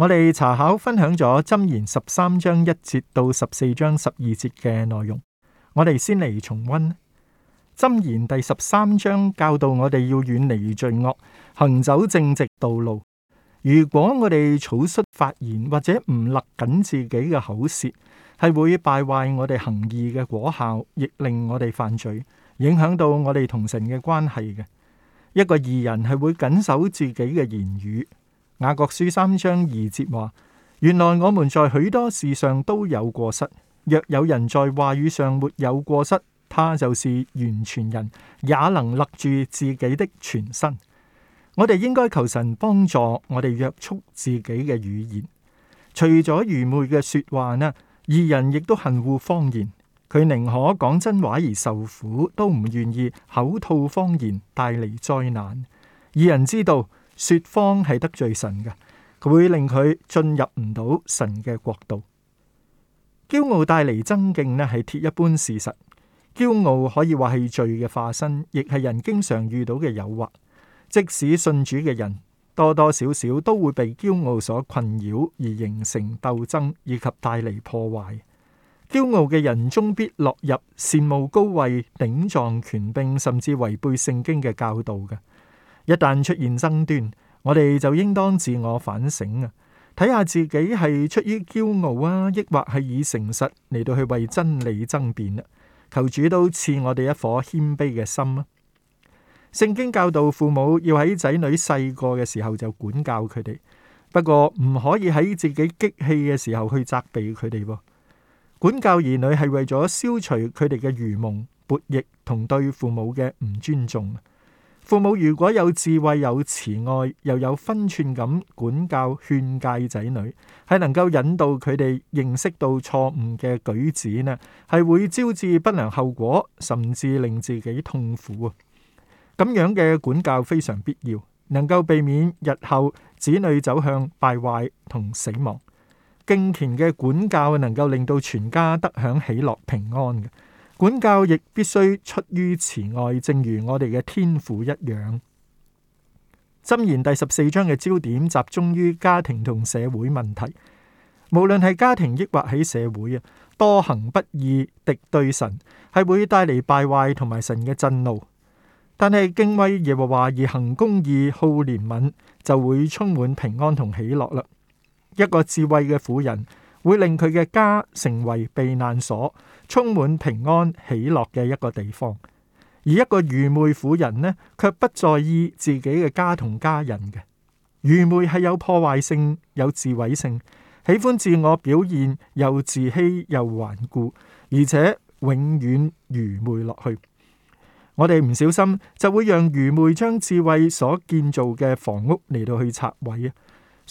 我哋查考分享咗《箴言》十三章一節到十四章十二節嘅內容，我哋先嚟重溫《箴言》第十三章，教導我哋要遠離罪惡，行走正直道路。如果我哋草率發言或者唔勒緊自己嘅口舌，係會敗壞我哋行義嘅果效，亦令我哋犯罪，影響到我哋同神嘅關係嘅。一個義人係會謹守自己嘅言語。雅各書三章二節話：原來我們在許多事上都有過失。若有人在話語上沒有過失，他就是完全人，也能勒住自己的全身。我哋應該求神幫助我哋約束自己嘅語言，除咗愚昧嘅說話呢。義人亦都恨惡謊言，佢寧可講真話而受苦，都唔願意口吐謊言帶嚟災難。義人知道。說謊係得罪神嘅，佢會令佢進入唔到神嘅國度。驕傲帶嚟爭競呢係鐵一般事實。驕傲可以話係罪嘅化身，亦係人經常遇到嘅誘惑。即使信主嘅人多多少少都會被驕傲所困擾，而形成鬥爭以及帶嚟破壞。驕傲嘅人終必落入羨慕高位、頂撞權柄，甚至違背聖經嘅教導嘅。一旦出現爭端，我哋就應當自我反省啊，睇下自己係出於驕傲啊，抑或係以誠實嚟到去為真理爭辯啦。求主都賜我哋一顆謙卑嘅心啊！聖經教導父母要喺仔女細個嘅時候就管教佢哋，不過唔可以喺自己激氣嘅時候去責備佢哋。管教兒女係為咗消除佢哋嘅愚蒙、悖逆同對父母嘅唔尊重。父母如果有智慧、有慈愛、又有分寸感，管教勸誡仔女，係能夠引導佢哋認識到錯誤嘅舉止呢，係會招致不良後果，甚至令自己痛苦啊！咁樣嘅管教非常必要，能夠避免日後子女走向敗壞同死亡。敬虔嘅管教能夠令到全家得享喜樂平安嘅。管教亦必須出於慈愛，正如我哋嘅天父一樣。箴言第十四章嘅焦點集中於家庭同社會問題，無論係家庭抑或喺社會啊，多行不義敵對神係會帶嚟敗壞同埋神嘅震怒。但係敬畏耶和華而行公義、好憐憫，就會充滿平安同喜樂啦。一個智慧嘅婦人。會令佢嘅家成為避難所，充滿平安喜樂嘅一個地方。而一個愚昧婦人呢，卻不在意自己嘅家同家人嘅。愚昧係有破壞性、有自毀性，喜歡自我表現，又自欺又頑固，而且永遠愚昧落去。我哋唔小心就會讓愚昧將智慧所建造嘅房屋嚟到去拆毀啊！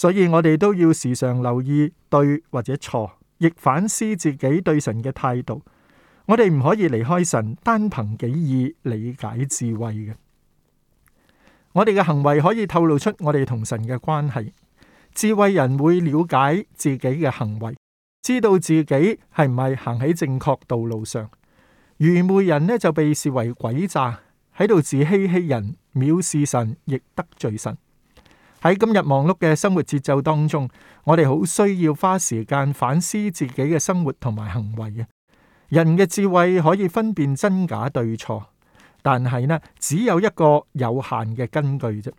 所以我哋都要時常留意對或者錯，亦反思自己對神嘅態度。我哋唔可以離開神，單憑己意理解智慧嘅。我哋嘅行為可以透露出我哋同神嘅關係。智慧人會了解自己嘅行為，知道自己係唔係行喺正確道路上。愚昧人呢，就被視為詭詐，喺度自欺欺人、藐視神，亦得罪神。喺今日忙碌嘅生活節奏當中，我哋好需要花時間反思自己嘅生活同埋行為嘅。人嘅智慧可以分辨真假對錯，但係呢只有一個有限嘅根據啫。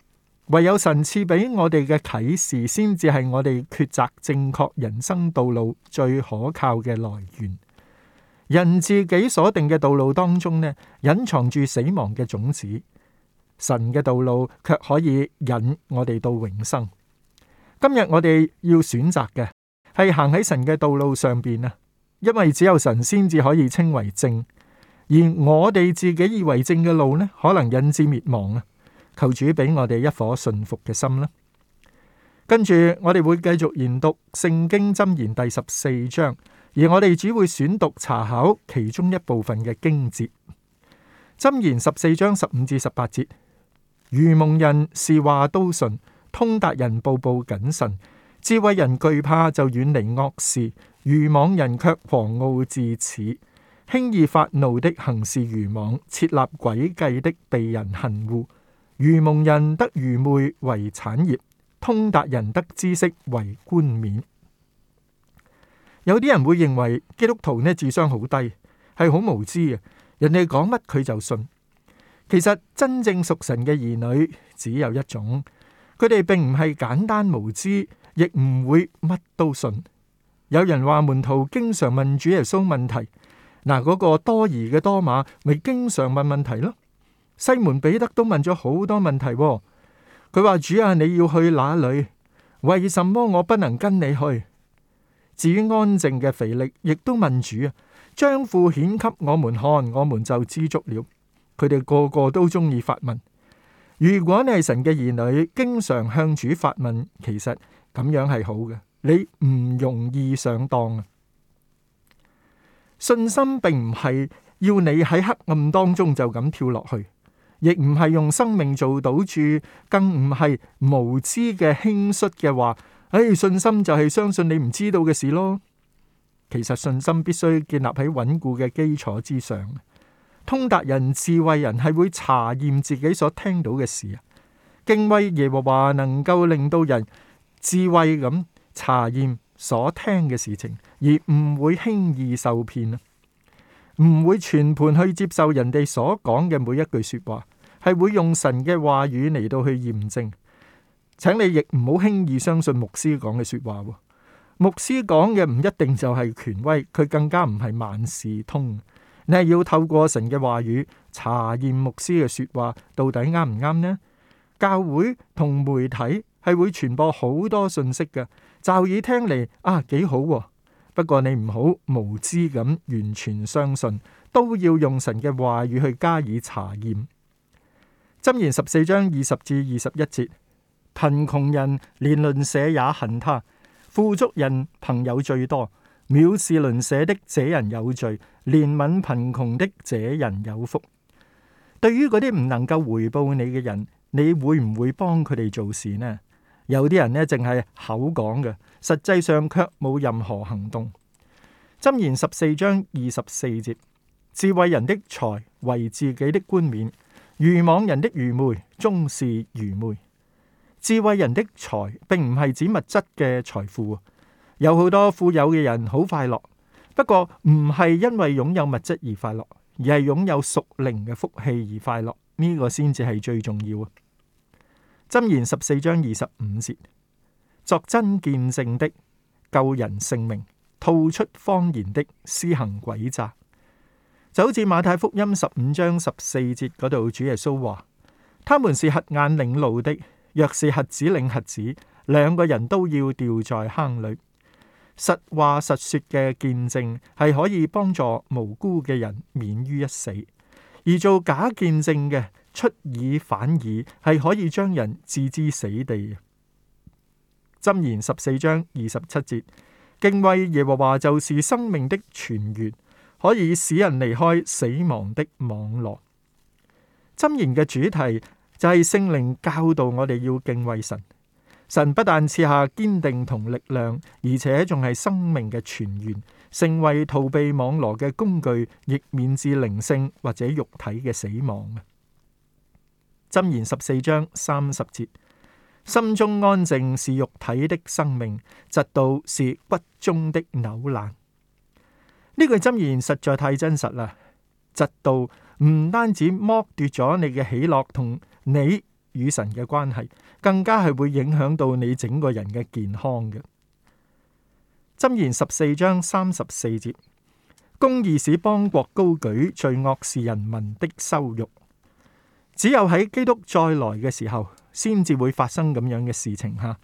唯有神賜俾我哋嘅啟示，先至係我哋抉擇正確人生道路最可靠嘅來源。人自己所定嘅道路當中呢，隱藏住死亡嘅種子。神嘅道路卻可以引我哋到永生。今日我哋要選擇嘅係行喺神嘅道路上邊啊，因為只有神先至可以稱為正，而我哋自己以為正嘅路呢，可能引致滅亡啊！求主俾我哋一顆信服嘅心啦。跟住我哋會繼續研讀聖經箴言第十四章，而我哋只會選讀查考其中一部分嘅經節。箴言十四章十五至十八節。愚蒙人是話都信，通達人步步謹慎，智慧人懼怕就遠離惡事。愚妄人卻狂傲自恃，輕易發怒的行事愚妄，設立詭計的被人恨惡。愚蒙人得愚昧為產業，通達人得知識為冠冕。有啲人會認為基督徒呢，智商好低，係好無知嘅，人哋講乜佢就信。其實真正屬神嘅兒女只有一種，佢哋並唔係簡單無知，亦唔會乜都信。有人話門徒經常問主耶穌問題，嗱、那、嗰個多疑嘅多馬咪經常問問題咯。西門彼得都問咗好多問題，佢話主啊，你要去哪裏？為什麼我不能跟你去？至於安靜嘅腓力，亦都問主啊，將父顯給我們看，我們就知足了。佢哋個個都中意發問。如果你係神嘅兒女，經常向主發問，其實咁樣係好嘅。你唔容易上當啊！信心並唔係要你喺黑暗當中就咁跳落去，亦唔係用生命做賭注，更唔係無知嘅輕率嘅話。唉，信心就係相信你唔知道嘅事咯。其實信心必須建立喺穩固嘅基礎之上。通達人、智慧人係會查驗自己所聽到嘅事啊，敬畏耶和華能夠令到人智慧，咁查驗所聽嘅事情，而唔會輕易受騙啊，唔會全盤去接受人哋所講嘅每一句說話，係會用神嘅話語嚟,到去驗證。請你亦唔好輕易相信牧師講嘅說話，牧師講嘅唔一定就係權威，佢更加唔係萬事通。你要透過神嘅話語查驗牧師嘅說話到底啱唔啱呢？教會同媒體係會傳播好多信息嘅，驟耳聽嚟啊幾好啊。不過你唔好無知咁完全相信，都要用神嘅話語去加以查驗。箴言十四章二十至二十一節：貧窮人連鄰舍也恨他，富足人朋友最多。藐視鄰舍的，這人有罪；憐憫貧窮的，這人有福。對於嗰啲唔能夠回報你嘅人，你會唔會幫佢哋做事呢？有啲人呢，淨係口講嘅，實際上卻冇任何行動。箴言十四章二十四節：智慧人的財為自己的冠冕，愚妄人的愚昧終是愚昧。智慧人的財，並唔係指物質嘅財富。有好多富有嘅人好快樂，不過唔係因為擁有物質而快樂，而係擁有屬靈嘅福氣而快樂。呢、這個先至係最重要啊！箴言十四章二十五節，作真見證的救人性命，吐出謊言的施行詭詐，就好似馬太福音十五章十四節嗰度，主耶穌話：他們是瞎眼領路的，若是瞎子領瞎子，兩個人都要掉在坑裏。實話實說嘅見證係可以幫助無辜嘅人免於一死，而做假見證嘅出爾反爾係可以將人置之死地。箴言十四章二十七節，敬畏耶和華就是生命的泉源，可以使人離開死亡的網絡。箴言嘅主題就係聖靈教導我哋要敬畏神。神不但賜下堅定同力量，而且仲係生命嘅泉源，成為逃避網羅嘅工具，亦免至靈性或者肉體嘅死亡。箴言十四章三十節：心中安靜是肉體的生命，嫉妒是骨中的朽爛。呢句箴言實在太真實啦！嫉妒唔單止剝奪咗你嘅喜樂，同你，與神嘅關係，更加係會影響到你整個人嘅健康嘅。箴言十四章三十四節，公義使邦國高舉，罪惡是人民的羞辱。只有喺基督再來嘅時候，先至會發生咁樣嘅事情吓。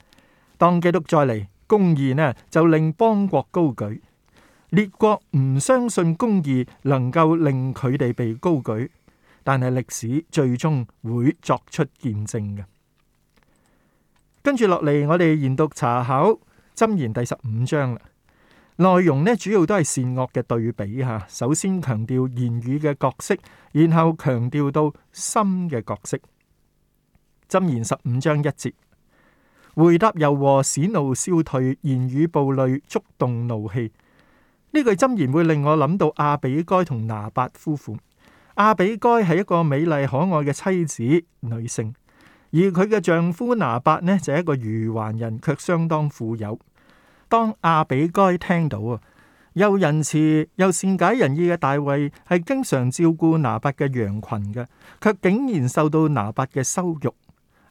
當基督再嚟，公義呢就令邦國高舉，列國唔相信公義能夠令佢哋被高舉。但係歷史最終會作出見證嘅。跟住落嚟，我哋研讀查考《箴言》第十五章啦。內容呢主要都係善惡嘅對比吓。首先強調言語嘅角色，然後強調到心嘅角色。《箴言》十五章一節，回答柔和，使怒消退；言語暴戾，觸動怒氣。呢句箴言會令我諗到亞比該同拿八夫婦。阿比該係一個美麗可愛嘅妻子、女性，而佢嘅丈夫拿伯呢，就係一個愚頑人，卻相當富有。當阿比該聽到啊，又仁慈又善解人意嘅大衛係經常照顧拿伯嘅羊群嘅，卻竟然受到拿伯嘅羞辱，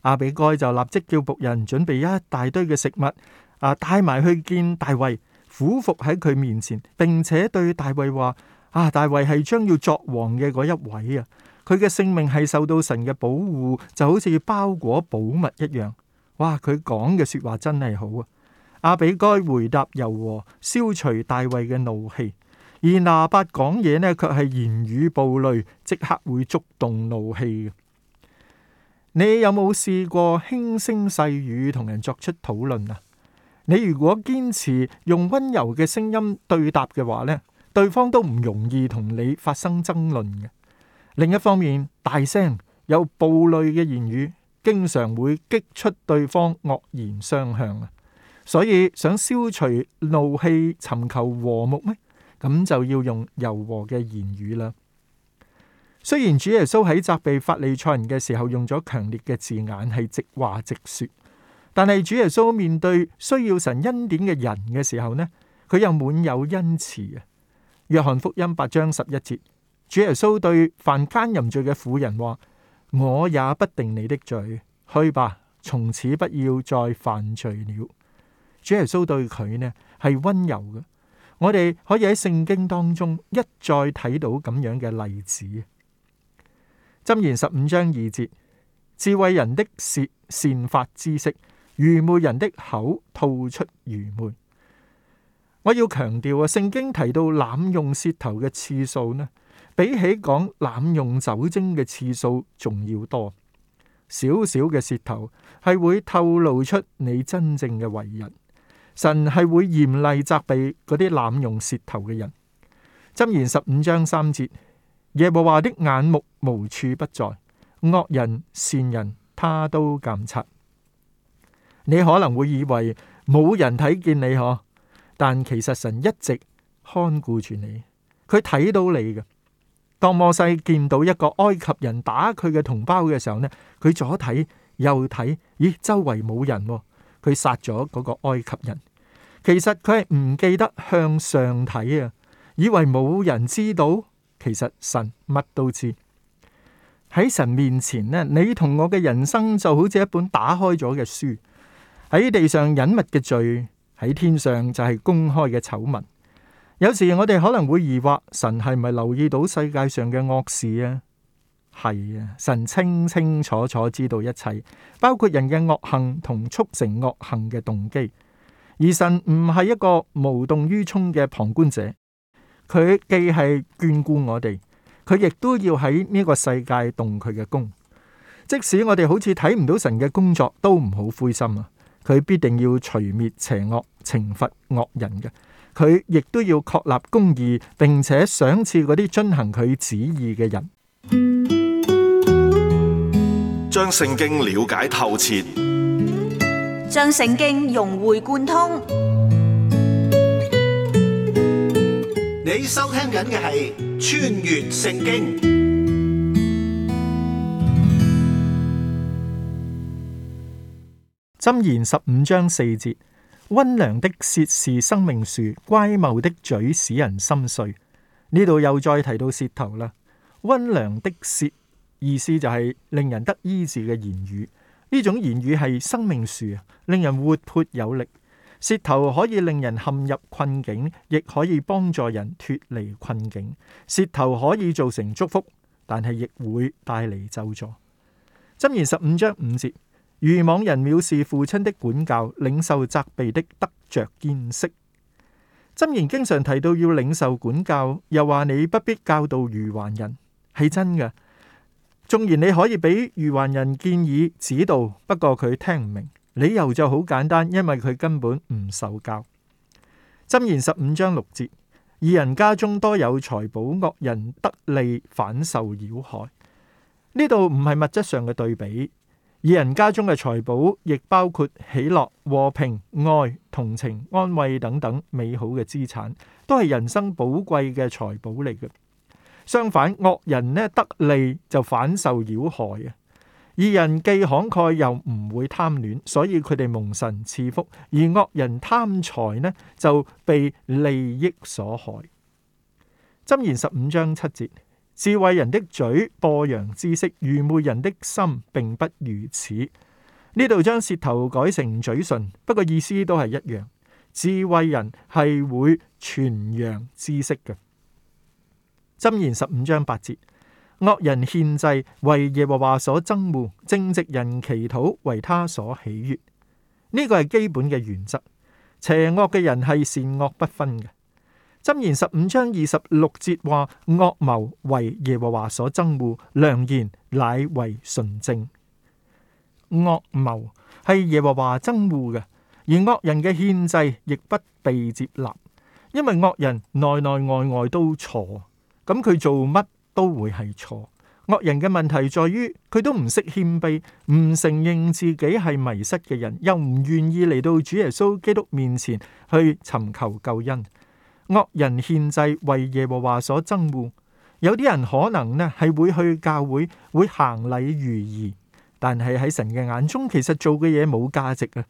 阿比該就立即叫僕人準備一大堆嘅食物，啊，帶埋去見大衛，俯伏喺佢面前，並且對大衛話。啊！大衛係將要作王嘅嗰一位啊，佢嘅性命係受到神嘅保護，就好似包裹寶物一樣。哇！佢講嘅說話真係好啊！阿比該回答柔和，消除大衛嘅怒氣，而拿八講嘢呢，卻係言語暴戾，即刻會觸動怒氣。你有冇試過輕聲細語同人作出討論啊？你如果堅持用溫柔嘅聲音對答嘅話呢？對方都唔容易同你發生爭論嘅。另一方面，大聲有暴戾嘅言語，經常會激出對方惡言相向啊。所以想消除怒氣、尋求和睦咩？咁就要用柔和嘅言語啦。雖然主耶穌喺責備法利賽人嘅時候用咗強烈嘅字眼，係直話直說，但係主耶穌面對需要神恩典嘅人嘅時候呢，佢又滿有恩慈啊！約翰福音八章十一節，主耶穌對犯姦淫罪嘅婦人話：我也不定你的罪，去吧，從此不要再犯罪了。主耶穌對佢呢係溫柔嘅，我哋可以喺聖經當中一再睇到咁樣嘅例子。箴言十五章二節：智慧人的舌善發知識，愚昧人的口吐出愚昧。我要強調啊，聖經提到濫用舌頭嘅次數呢，比起講濫用酒精嘅次數仲要多。小小嘅舌頭係會透露出你真正嘅為人。神係會嚴厲責備嗰啲濫用舌頭嘅人。箴言十五章三節，耶和華的眼目無處不在，惡人、善人他都監察。你可能會以為冇人睇見你嗬。但其實神一直看顧住你，佢睇到你嘅。當摩西見到一個埃及人打佢嘅同胞嘅時候呢，佢左睇右睇，咦，周圍冇人，哦，佢殺咗嗰個埃及人。其實佢係唔記得向上睇啊，以為冇人知道。其實神乜都知。喺神面前呢，你同我嘅人生就好似一本打開咗嘅書，喺地上隱密嘅罪。喺天上就係公開嘅醜聞。有時我哋可能會疑惑，神係咪留意到世界上嘅惡事啊？係啊，神清清楚楚知道一切，包括人嘅惡行同促成惡行嘅動機。而神唔係一個無動於衷嘅旁觀者，佢既係眷顧我哋，佢亦都要喺呢個世界動佢嘅功。即使我哋好似睇唔到神嘅工作，都唔好灰心啊！佢必定要除滅邪惡、懲罰惡人嘅，佢亦都要確立公義，並且賞賜嗰啲遵行佢旨意嘅人。將聖經了解透徹，將聖經融會貫通。你收聽緊嘅係《穿越聖經》。箴言十五章四節，溫良的舌是生命樹，乖謬的嘴使人心碎。呢度又再提到舌頭啦。溫良的舌意思就係令人得醫治嘅言語，呢種言語係生命樹啊，令人活潑有力。舌頭可以令人陷入困境，亦可以幫助人脫離困境。舌頭可以造成祝福，但係亦會帶嚟咒詛。箴言十五章五節。愚妄人藐視父親的管教，領受責備的得着見識。箴言經常提到要領受管教，又話你不必教導愚頑人，係真嘅。縱然你可以俾愚頑人建議、指導，不過佢聽唔明。理由就好簡單，因為佢根本唔受教。箴言十五章六節，義人家中多有財寶，惡人得利，反受擾害。呢度唔係物質上嘅對比。義人家中嘅財寶，亦包括喜樂、和平、愛、同情、安慰等等美好嘅資產，都係人生寶貴嘅財寶嚟嘅。相反，惡人呢得利就反受擾害啊！義人既慷慨又唔會貪戀，所以佢哋蒙神賜福；而惡人貪財呢就被利益所害。箴言十五章七節。智慧人的嘴播揚知識，愚昧人的心並不如此。呢度將舌頭改成嘴唇，不過意思都係一樣。智慧人係會傳揚知識嘅。箴言十五章八節：惡人獻祭為耶和華所憎惡，正直人祈禱為他所喜悦。呢個係基本嘅原則。邪惡嘅人係善惡不分嘅。箴言十五章二十六節話：惡謀為耶和華所憎惡，良言乃為純正。惡謀係耶和華憎惡嘅，而惡人嘅獻祭亦不被接納，因為惡人內內外外都錯。咁佢做乜都會係錯。惡人嘅問題在於佢都唔識謙卑，唔承認自己係迷失嘅人，又唔願意嚟到主耶穌基督面前去尋求救恩。惡人獻祭為耶和華所憎惡，有啲人可能呢係會去教會會行禮如儀，但係喺神嘅眼中其實做嘅嘢冇價值啊！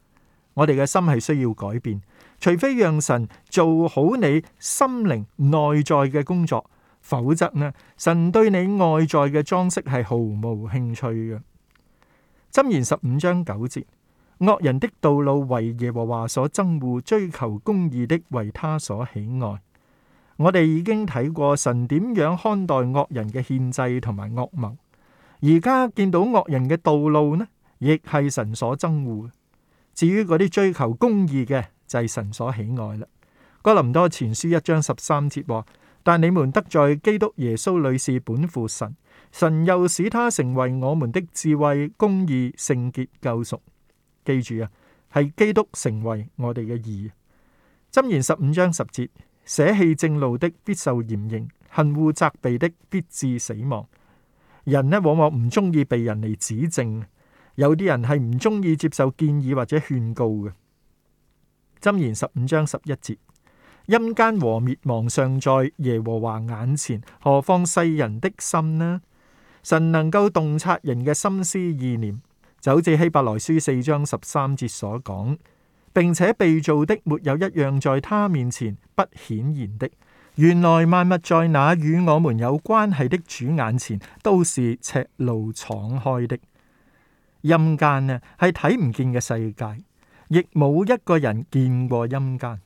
我哋嘅心係需要改變，除非讓神做好你心靈內在嘅工作，否則呢，神對你外在嘅裝飾係毫無興趣嘅。箴言十五章九節。惡人的道路為耶和華所憎惡，追求公義的為他所喜愛。我哋已經睇過神點樣看待惡人嘅憲制同埋惡謀，而家見到惡人嘅道路呢，亦係神所憎惡。至於嗰啲追求公義嘅，就係、是、神所喜愛啦。哥林多前書一章十三節話：但你們得在基督耶穌裏是本乎神，神又使他成為我們的智慧、公義、聖潔、救贖。記住啊，係基督成為我哋嘅義。箴言十五章十節：捨棄正路的必受嚴刑，恨惡責備的必致死亡。人呢，往往唔中意被人嚟指正，有啲人係唔中意接受建議或者勸告嘅。箴言十五章十一節：陰間和滅亡尚在耶和華眼前，何況世人的心呢？神能夠洞察人嘅心思意念。就好似希伯來書四章十三節所講，並且被造的沒有一樣在他面前不顯然的。原來萬物在那與我們有關係的主眼前都是赤露敞開的。陰間呢係睇唔見嘅世界，亦冇一個人見過陰間，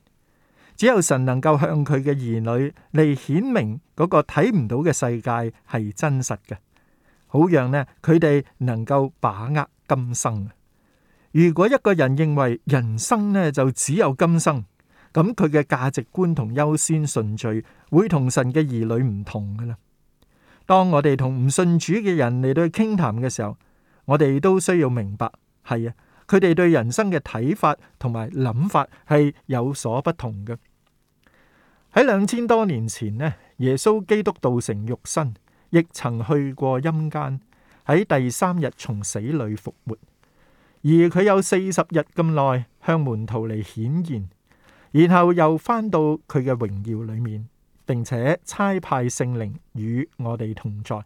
只有神能夠向佢嘅兒女嚟顯明嗰個睇唔到嘅世界係真實嘅，好讓呢佢哋能夠把握今生，如果一個人認為人生呢就只有今生，咁佢嘅價值觀同優先順序會同神嘅兒女唔同㗎喇。當我哋同唔信主嘅人嚟到去傾談嘅時候，我哋都需要明白，係啊，佢哋對人生嘅睇法同埋諗法係有所不同嘅。喺兩千多年前呢，耶穌基督道成肉身，亦曾去過陰間。喺第三日從死裏復活，而佢有四十日咁耐向門徒嚟顯現，然後又返到佢嘅榮耀裏面，並且差派聖靈與我哋同在。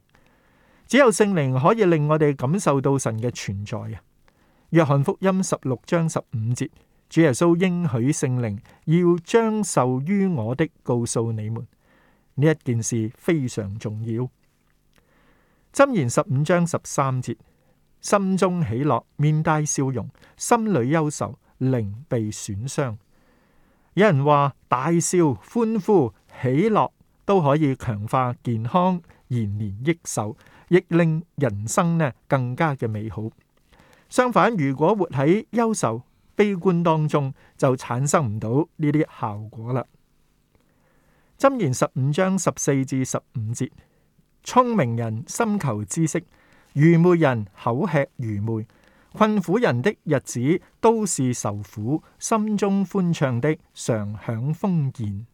只有聖靈可以令我哋感受到神嘅存在啊！約翰福音十六章十五節，主耶穌應許聖靈要將受於我的告訴你們，呢一件事非常重要。箴言十五章十三節，心中喜樂，面帶笑容，心裏憂愁，靈被損傷。有人話大笑、歡呼、喜樂都可以強化健康、延年益壽，亦令人生呢更加嘅美好。相反，如果活喺憂愁、悲觀當中，就產生唔到呢啲效果啦。箴言十五章十四至十五節。聰明人心求知識，愚昧人口吃愚昧。困苦人的日子都是受苦，心中歡暢的常享豐筵。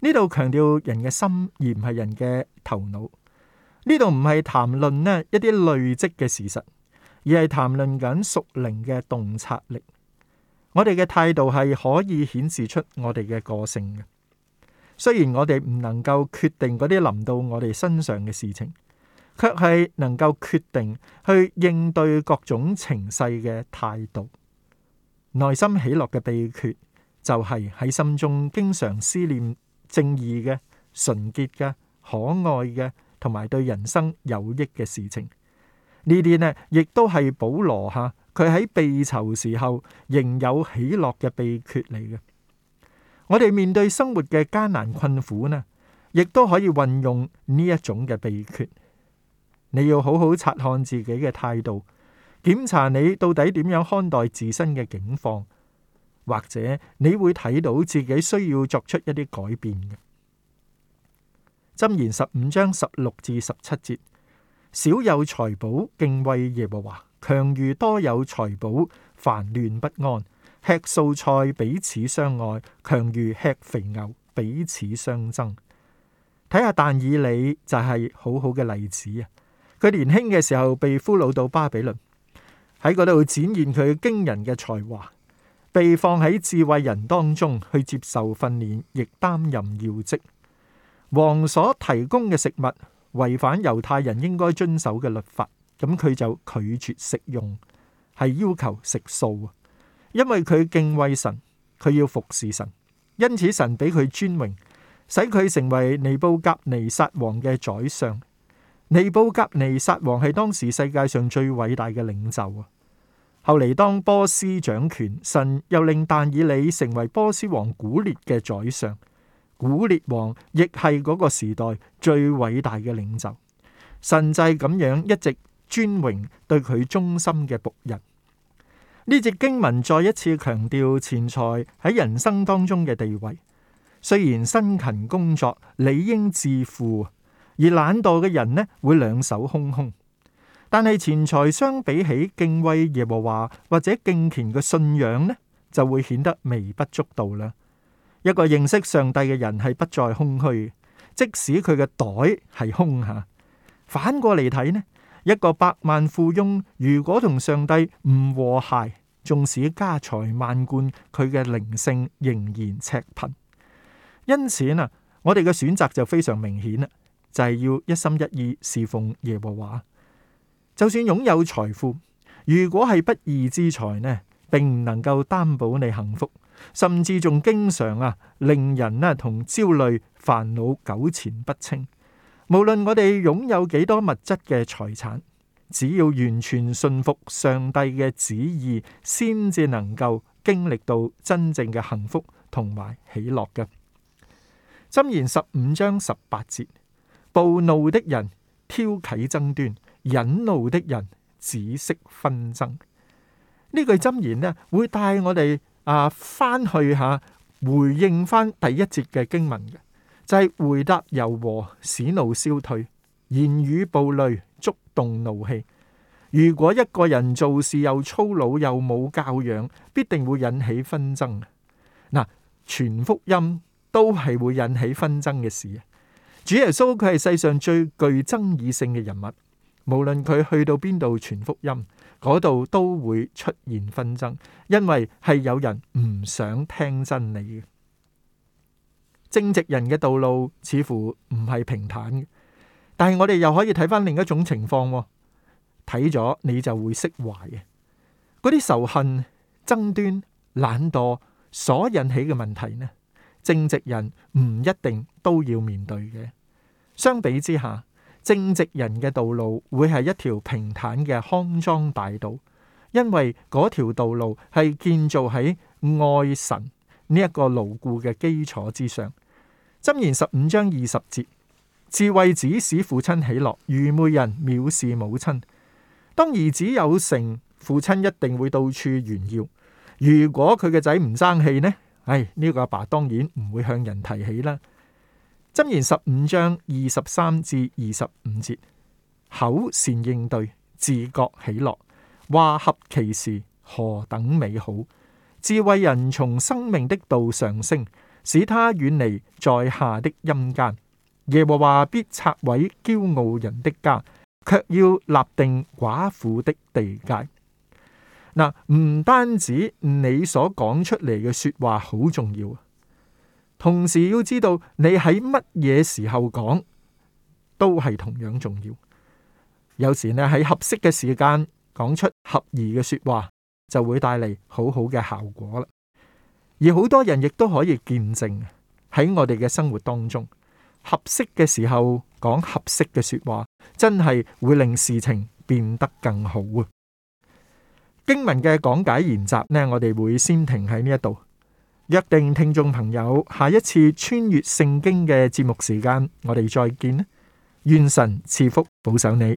呢度強調人嘅心而唔係人嘅頭腦。呢度唔係談論呢一啲累積嘅事實，而係談論緊屬靈嘅洞察力。我哋嘅態度係可以顯示出我哋嘅個性嘅。雖然我哋唔能夠決定嗰啲臨到我哋身上嘅事情，卻係能夠決定去應對各種情勢嘅態度。內心喜樂嘅秘訣就係喺心中經常思念正義嘅、純潔嘅、可愛嘅，同埋對人生有益嘅事情。呢啲呢亦都係保羅吓，佢喺被囚時候仍有喜樂嘅秘訣嚟嘅。我哋面對生活嘅艱難困苦呢，亦都可以運用呢一種嘅秘訣。你要好好察看自己嘅態度，檢查你到底點樣看待自身嘅境況，或者你會睇到自己需要作出一啲改變嘅。箴言十五章十六至十七節：少有財寶，敬畏耶和華；強如多有財寶，煩亂不安。吃素菜彼此相愛，強如吃肥牛彼此相爭。睇下但以理就係好好嘅例子啊！佢年輕嘅時候被俘虜到巴比倫，喺嗰度展現佢驚人嘅才華，被放喺智慧人當中去接受訓練，亦擔任要職。王所提供嘅食物違反猶太人應該遵守嘅律法，咁佢就拒絕食用，係要求食素。因為佢敬畏神，佢要服侍神，因此神俾佢尊榮，使佢成為尼布甲尼撒王嘅宰相。尼布甲尼撒王係當時世界上最偉大嘅領袖啊！後嚟當波斯掌權，神又令但以理成為波斯王古列嘅宰相。古列王亦係嗰個時代最偉大嘅領袖。神就係咁樣一直尊榮對佢忠心嘅僕人。呢隻經文再一次強調錢財喺人生當中嘅地位，雖然辛勤工作理應致富，而懶惰嘅人呢會兩手空空。但係錢財相比起敬畏耶和華或者敬虔嘅信仰呢，就會顯得微不足道啦。一個認識上帝嘅人係不再空虛，即使佢嘅袋係空吓。反過嚟睇呢，一個百萬富翁如果同上帝唔和諧。縱使家財萬貫，佢嘅靈性仍然赤貧。因此啊，我哋嘅選擇就非常明顯啦，就係要一心一意侍奉耶和華。就算擁有財富，如果係不義之財呢，並唔能夠擔保你幸福，甚至仲經常啊，令人呢同焦慮、煩惱糾纏不清。無論我哋擁有幾多物質嘅財產。只要完全信服上帝嘅旨意，先至能夠經歷到真正嘅幸福同埋喜樂嘅。箴言十五章十八節：暴怒的人挑起爭端，忍怒的人止息紛爭。呢句箴言呢，會帶我哋啊翻去吓回應翻第一節嘅經文嘅，就係回答柔和，使怒消退，言語暴戾。動怒氣，如果一個人做事又粗魯又冇教養，必定會引起紛爭。嗱，傳福音都係會引起紛爭嘅事。主耶穌佢係世上最具爭議性嘅人物，無論佢去到邊度傳福音，嗰度都會出現紛爭，因為係有人唔想聽真理嘅。正直人嘅道路似乎唔係平坦嘅。但係我哋又可以睇返另一種情況，睇咗你就會釋懷嘅嗰啲仇恨、爭端、懶惰所引起嘅問題呢？正直人唔一定都要面對嘅。相比之下，正直人嘅道路會係一條平坦嘅康莊大道，因為嗰條道路係建造喺愛神呢一個牢固嘅基礎之上。箴言十五章二十節。智慧子使父親喜樂，愚昧人藐視母親。當兒子有成，父親一定會到處炫耀。如果佢嘅仔唔爭氣呢？唉、哎、呢、這個阿爸，爸當然唔會向人提起啦。箴言十五章二十三至二十五節，口善應對，自覺喜樂，話合其時，何等美好！智慧人從生命的道上升，使他遠離在下的陰間。耶和華必拆毀驕傲人的家，卻要立定寡婦的地界。嗱，唔單止你所講出嚟嘅說話好重要，同時要知道你喺乜嘢時候講都係同樣重要。有時咧，喺合適嘅時間講出合宜嘅說話，就會帶嚟好好嘅效果啦。而好多人亦都可以見證喺我哋嘅生活當中。合適嘅時候講合適嘅說話，真係會令事情變得更好啊！經文嘅講解研習呢，我哋會先停喺呢一度，約定聽眾朋友下一次穿越聖經嘅節目時間，我哋再見啦！願神賜福保守你。